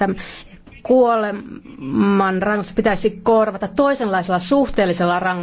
Tämä kuoleman rangaistus pitäisi korvata toisenlaisella suhteellisella rangaistuksella.